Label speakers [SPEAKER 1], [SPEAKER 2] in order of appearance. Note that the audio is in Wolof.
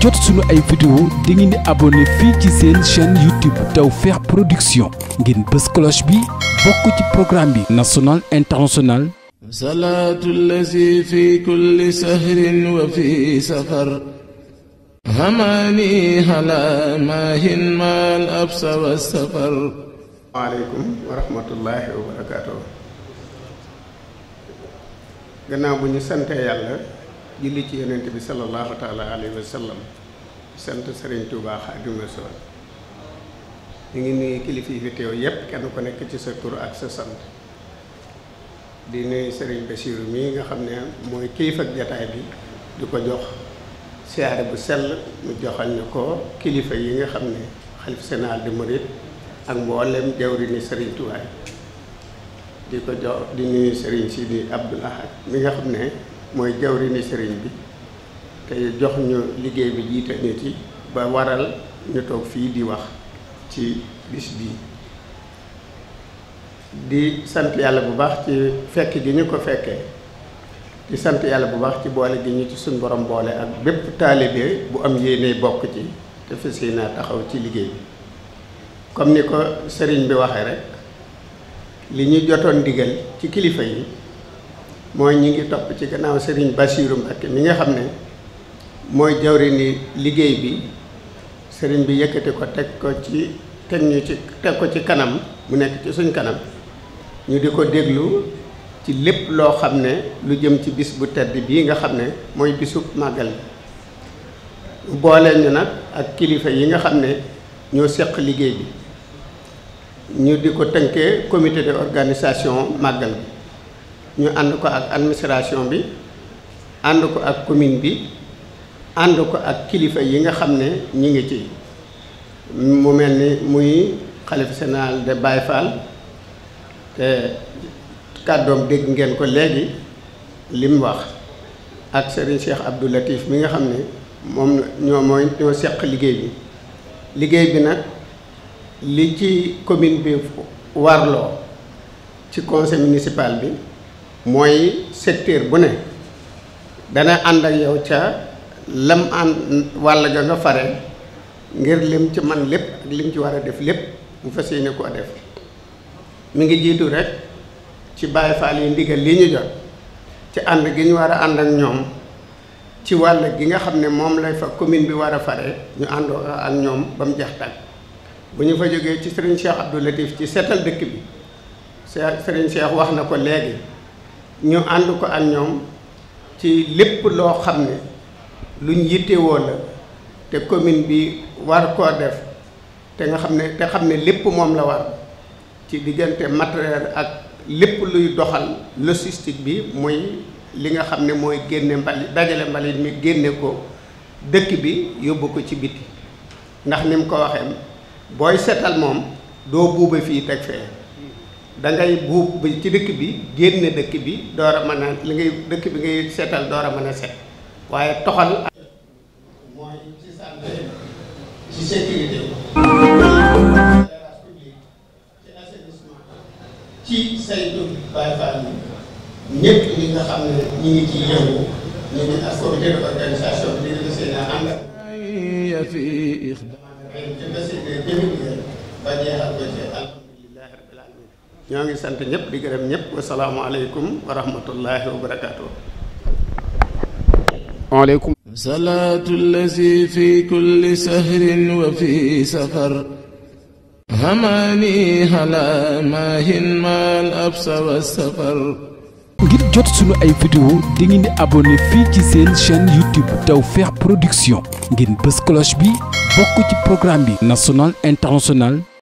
[SPEAKER 1] jot suñu ay vidéo da ngeen di abonné fii ci seen chaîne YouTube Tawfekh Production ngeen bës cloche bi bokk ci programme bi national international salaatu llazi fi kulli sahrin wa fi safar hamani hala mahin mal absa wa safar waaleykum wa rahmatullahi wa barakatuh
[SPEAKER 2] gannaaw bu ñu sante yàlla julli ci yonent bi sallallahu taala alayhi wa sallam sant Serigne Touba Xaadimu Rasuul ñu ngi nuyu kilifa yi fi teew yépp kenn ku nekk ci sa tur ak sa sant di nuyu Serigne Bassirou mii nga xam ne mooy kilifa ak jataay bi di ko jox siyaare bu sell mu joxal ñu ko kilifa yi nga xam ne xalif général de Mouride ak mboolem jawri ni Serigne Touba di ko jox di nuyu Serigne Sidi Abdoul Ahad mi nga xam ne. mooy jawrini sëriñ bi te jox ñu liggéey bi jiite nit yi ba waral ñu toog fii di wax ci bis bii di sant yàlla bu baax ci fekk gi ñu ko fekkee di sant yàlla bu baax ci boole gi ñu ci suñ borom boole ak bépp taalibe bu am yéene bokk ci te fas yéene taxaw ci liggéey bi comme ni ko sëriñ bi waxee rek li ñu jotoon digal ci kilifa yi mooy ñi ngi topp ci gannaaw Serigne Bassirou Mbacké mi nga xam ne mooy jawri ni liggéey bi sëriñ bi yëkkati ko teg ko ci teg ñu ci teg ko ci kanam mu nekk ci suñ kanam ñu di ko déglu ci lépp loo xam ne lu jëm ci bis bu tedd bii nga xam ne mooy bisu màggal bi boole ñu nag ak kilifa yi nga xam ne ñoo seq liggéey bi ñu di ko tënkee comité d'organisation màggal bi ñu ànd ko ak administration bi ànd ko ak commune bi ànd ko ak kilifa yi nga xam ne ñi ngi ci mu mel ni muy xalif senal de Baye Fall te kàddoom dégg ngeen ko léegi li wax ak Serigne Cheikh Abdou Latif mi nga xam ne moom ñoo mooy ñoo seq liggéey bi liggéey bi nag li ci commune bi warloo ci conseil municipal bi mooy secteur bu ne dana ànd ak yow ca lam ànd wàll ga nga fare ngir lim ci man lépp ak lim ci war a def lépp bu fas yéene koo def mu ngi jiitu rek ci Baay Faal yi ndigal li ñu jot ci ànd gi ñu war a ànd ak ñoom ci wàll gi nga xam ne moom lay fa commune bi war a fare ñu àndoo ak ñoom ba mu jeex tàkk bu ñu fa jógee ci sëriñ Cheikh Abdou Latif ci seetal dëkk bi sëriñ Cheikh wax na ko léegi ñu ànd ko ak ñoom ci lépp loo xam ne lu luñ yittewoo la te commune bi war koo def te nga xam ne te xam ne lépp moom la war ci diggante matériel ak lépp luy doxal logistique bi muy li nga xam ne mooy génne mbali dajale mbalit mi génne ko dëkk bi yóbbu ko ci biti ndax ni mu ko waxee booy setal moom doo buuba fii teg fee da ngay buub bi ci dëkk bi génne dëkk bi door a mën a li ngay dëkk bi ngay seetal door a mën a set waaye toxal ak mooy ci santé ci sécurité publique ci assainissement ci saytu Baye Fall ñëpp ñi nga xam ne ñi ngi ci yëngu ñu ngi ak comité de organisation bi dina seen àndal fi ixda ci facilité ba jeexal ko ci ñoo ngi sant ñépp di gërëm ñëpp wasalaamualeykum wa rahmatullahi wa barakaatu.
[SPEAKER 1] waaleykum. salaatu lazi fi kulli sahrin wa fi safar. hamani ala maahin maal absa wa safar. ngir jot sunu ay vidéo di ngeen di abonné fii ci seen chaîne YouTube Tawfekh Production. ngeen bës cloche bi bokk ci programme bi. national international.